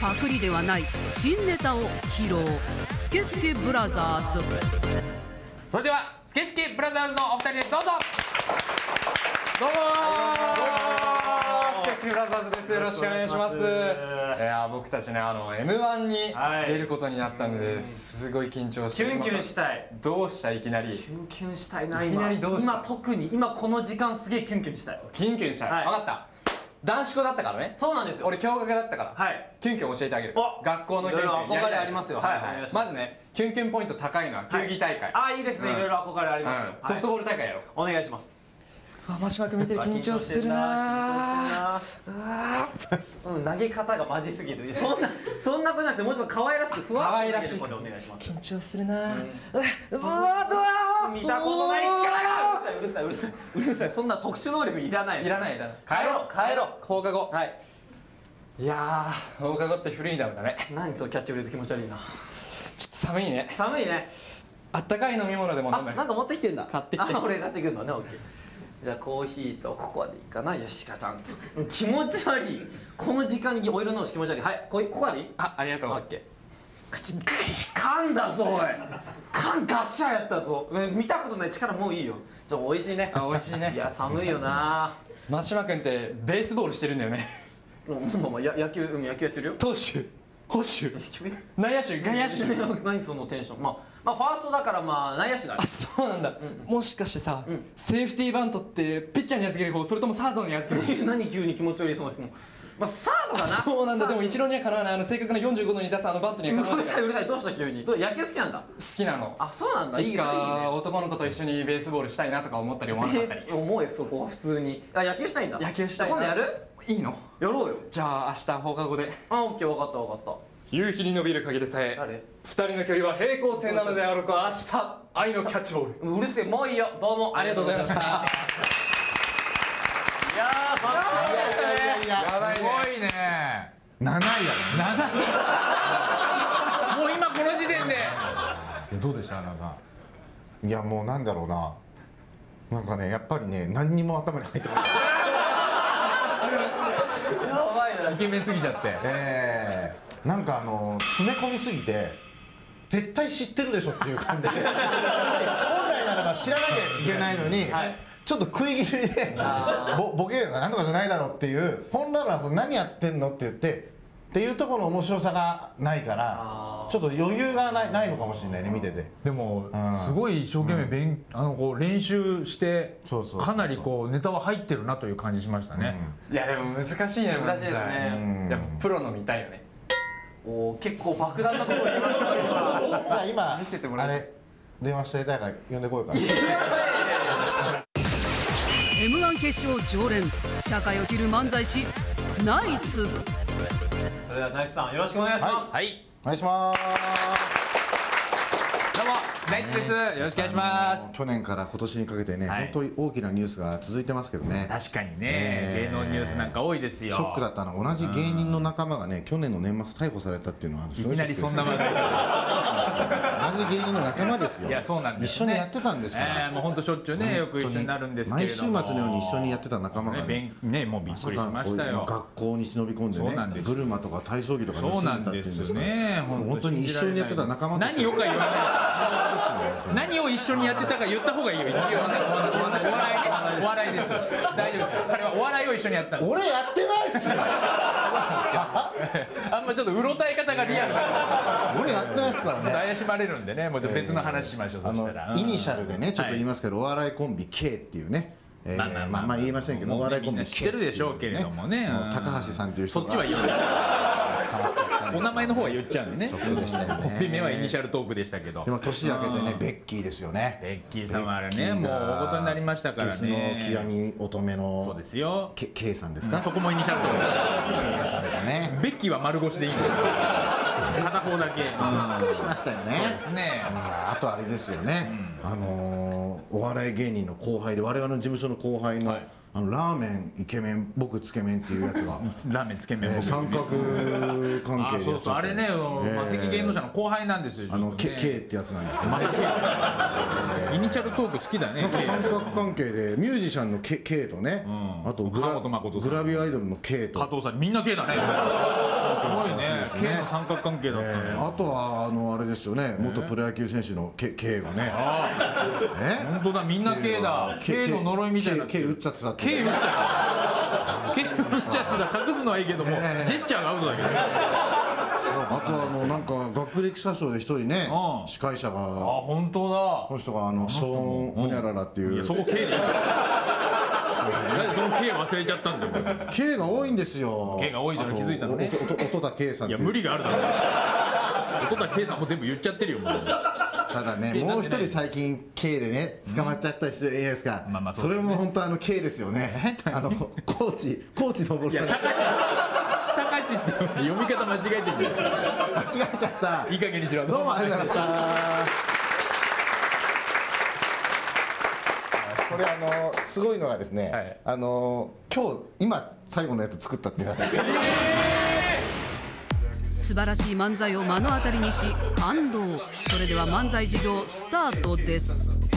パクリではない新ネタを披露スケスケブラザーズそれではスケスケブラザーズのお二人ですどうぞどうもスケスケブラザーズですよろしくお願いしますいや僕たちねあの M1 に出ることになったのですごい緊張してキュンキュンしたいどうしたいきなりキュンキュンしたいないきなりどう今特に今この時間すげえキュンキュンしたいキュンキュンしたい、い、分かった男子校だったからねそうなんですよ俺共学だったからはいキュンキュン教えてあげるお学校のキュンキュン憧れありますよはい、はい、ままずねキュンキュンポイント高いのは球技大会、はい、ああいいですね、うん、いろいろ憧れありますよ、うん、ソフトボール大会やろう、お願いしますうわ真島君見てる緊張するなうん投げ方がマジすぎるそんなそんなことじゃなくてもうちょっと可愛らしくふわ可愛らしいします緊張するな、うん、うわうわうわ見たことない力がうるさいうるさい うるさいそんな特殊能力いらないいらないいらない帰ろう帰ろう放課後はいいや放課後ってフリーダムだね何そのキャッチフレーズ気持ち悪いなちょっと寒いね寒いねあったかい飲み物でも飲めあなんか持ってきてんだ買ってきてあ俺買ってくんのね OK じゃあコーヒーとココアでいいかなよしかちゃんと気持ち悪いこの時間にお色直し気持ち悪いはいここアでいいあありがとうオッケー口噛んだぞおい噛んガッシャーやったぞ見たことない力もういいよちょ美味しいねあ美味しいねいや寒いよな真島君ってベースボールしてるんだよねまあまあ野球野球やってるよ投手捕手内野手外野手何そのテンションまあまあ、ファーストだからまあ内野手だあそうなんだ、うん、もしかしてさ、うん、セーフティーバントってピッチャーに預ける方それともサードに預ける方 何急に気持ち悪いそうな質問まあ、サードかなそうなんだでも一郎にはかなわないあの正確な45度に出すあのバットにはかなわないうるさいうるさいどうした急にどう野球好きなんだ好きなのあそうなんだいいいい、か男の子と一緒にベースボールしたいなとか思ったり思わなかったり思うよそこは普通にあ野球したいんだ野球したいな今度やるいいのやろうよじゃあ明日放課後であオッケー分かった分かった夕日に伸びる影でさえ誰二人の距離は平行線なのであろうか明日愛のキャッチボールうるせえもういいよどうもありがとうございましたやですねごいね7位やもう今この時点でどうでしたアナさんいやもうなんだろうななんかねやっぱりね何にも頭に入ってこないやばいなイケメンすぎちゃってええー、なんかあの詰め込みすぎて絶対知ってるでしょっていう感じで 本来ならば知らなきゃいけないのに、はいちょっと食い気味でボボケなんとかじゃないだろうっていう本来の何やってんのって言ってっていうところの面白さがないからちょっと余裕がないないのかもしれないね見ててでも、うんすごい一生懸命ん、あのこう練習してそうそうそうかなりこうネタは入ってるなという感じしましたね、いやでも難しいね難しいですねうんやっぱプロの見たいよねおお結構爆弾なことを言いましたね今 じゃあ今見せてもらあれ電話してたいから呼んでこようか m 1決勝常連社会を切る漫才師ナイツそれではナイツさんよろしくお願いします、はい、はい、お願いします大地です。よろしくお願いします。去年から今年にかけてね、はい、本当に大きなニュースが続いてますけどね。確かにね、えー、芸能ニュースなんか多いですよ。ショックだったの同じ芸人の仲間がね、去年の年末逮捕されたっていうのは、いきなりそんな話題。同じ芸人の仲間ですよ。いやそうなんです、ね、一緒にやってたんですから。えー、もう本当しょっちゅうね、よく一緒になるんですけ毎週末のように一緒にやってた仲間がね、ねねもうびっくりしましたよ。学校に忍び込んでね、ブルマとか体操着とかそうなんですね。本当に一緒にやってた仲間。何よか言わない。何を一緒にやってたか言った方がいいよ一応ねお笑いねお笑いですよ大丈夫ですよ彼はお笑いを一緒にやってた俺やってないっすよ あんまちょっとうろたえ方がリアル俺やってないっすからね怪しまれるんでねもう別の話しましょう、そしたら、イニシャルでねちょっと言いますけど、お笑いコンビ K っていうねまあ言いませんけど、お笑いコンビ、K 知ってるでしょうけれどもね、高橋さんという人そっちは言う伝わっちゃったお名前の方は言っちゃうねショでしたよねコはイニシャルトークでしたけどでも年明けてねベッキーですよねベッキー様あれねもう大事になりましたからねデスの極み乙女のそうですよ K さんですかそこもイニシャルトーク K さんとねベッキーは丸腰でいいんだす片方だけびっくりしましたよね、そうですねあとあれですよね、あのお笑い芸人の後輩で我々の事務所の後輩の、あのラーメンイケメン僕つけ麺っていうやつが ラーメンつけ麺、えー、三角関係そうそうあれね、えー、マセキ芸能者の後輩なんですよ、あの K, K ってやつなんですけど、ね、イニシャルトーク好きだね三角関係でミュージシャンの K, K とね、うん、あとグラビアアイドルの K と加藤さんみんな K だねごいね慶の三角関係だったねあとはあのあれですよね元プロ野球選手の K がね本当だみんな K だ K の呪いみたいな K 打っちゃってた K 打っちゃった K 打っちゃってた隠すのはいいけどもジェスチャーがアウトだけどあとあのなんか学歴詐称で一人ね司会者があ本当だこの人があのショーンホニャララっていうそこ K での K 忘れちゃったんだよ K が多いんですよ K が多いじから気づいたのね音田 K さんいや無理があるだろ音田 K さんも全部言っちゃってるよもうただね、もう一人最近 K でね捕まっちゃった人いなですか、うんまあまあそね、それも本当あの K ですよねあのコーチコーチ登さん高知って読み方間違えてる間違えちゃったいい加減にしろどうもありがとうございましたこれあのすごいのがですね、はい、あの今日今最後のやつ作ったって言われて、素晴らしい漫才を目の当たりにし感動それでは漫才授業スタートです